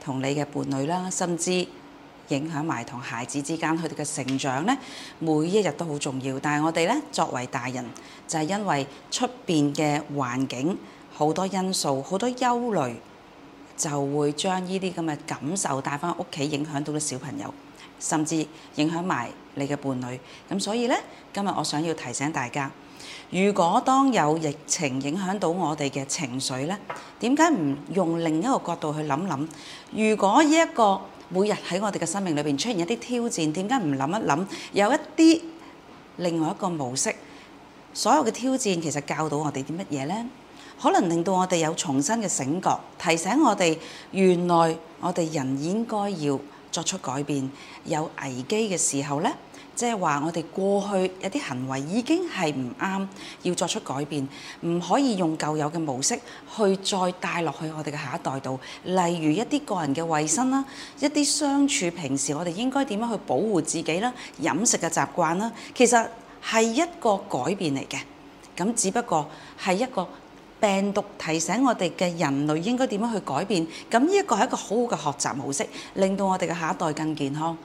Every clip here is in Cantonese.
同你嘅伴侶啦，甚至影響埋同孩子之間佢哋嘅成長咧，每一日都好重要。但係我哋咧作為大人，就係因為出邊嘅環境好多因素，好多憂慮，就會將呢啲咁嘅感受帶返屋企，影響到啲小朋友。甚至影響埋你嘅伴侶，咁所以呢，今日我想要提醒大家，如果當有疫情影響到我哋嘅情緒呢，點解唔用另一個角度去諗諗？如果呢一個每日喺我哋嘅生命裏邊出現一啲挑戰，點解唔諗一諗有一啲另外一個模式？所有嘅挑戰其實教到我哋啲乜嘢呢？可能令到我哋有重新嘅醒覺，提醒我哋原來我哋人應該要作出改變，有危機嘅時候呢，即係話我哋過去一啲行為已經係唔啱，要作出改變，唔可以用舊有嘅模式去再帶落去我哋嘅下一代度。例如一啲個人嘅衞生啦，一啲相處平時我哋應該點樣去保護自己啦，飲食嘅習慣啦，其實係一個改變嚟嘅。咁只不過係一個。病毒提醒我哋嘅人類應該點樣去改變，咁呢一個係一個好好嘅學習模式，令到我哋嘅下一代更健康。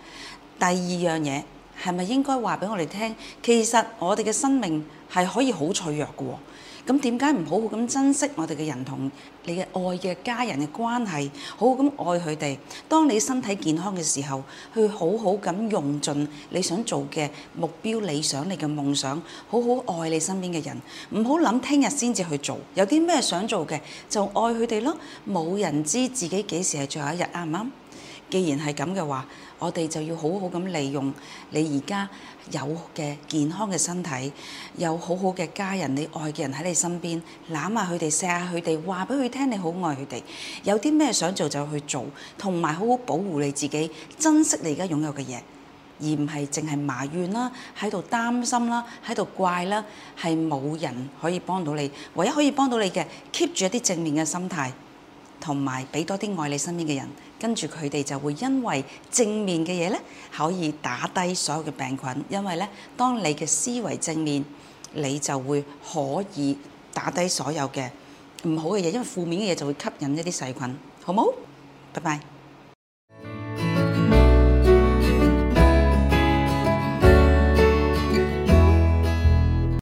第二樣嘢。係咪應該話俾我哋聽？其實我哋嘅生命係可以好脆弱嘅喎。咁點解唔好好咁珍惜我哋嘅人同你嘅愛嘅家人嘅關係？好好咁愛佢哋。當你身體健康嘅時候，去好好咁用盡你想做嘅目標、理想、你嘅夢想，好好愛你身邊嘅人。唔好諗聽日先至去做。有啲咩想做嘅，就愛佢哋咯。冇人知自己幾時係最後一日，啱唔啱？既然係咁嘅話，我哋就要好好咁利用你而家有嘅健康嘅身體，有好好嘅家人，你愛嘅人喺你身邊，攬下佢哋，錫下佢哋，話俾佢聽你好愛佢哋，有啲咩想做就去做，同埋好好保護你自己，珍惜你而家擁有嘅嘢，而唔係淨係埋怨啦，喺度擔心啦，喺度怪啦，係冇人可以幫到你，唯一可以幫到你嘅，keep 住一啲正面嘅心態。同埋俾多啲愛你身邊嘅人，跟住佢哋就會因為正面嘅嘢呢，可以打低所有嘅病菌。因為呢，當你嘅思維正面，你就會可以打低所有嘅唔好嘅嘢。因為負面嘅嘢就會吸引一啲細菌，好冇？拜拜。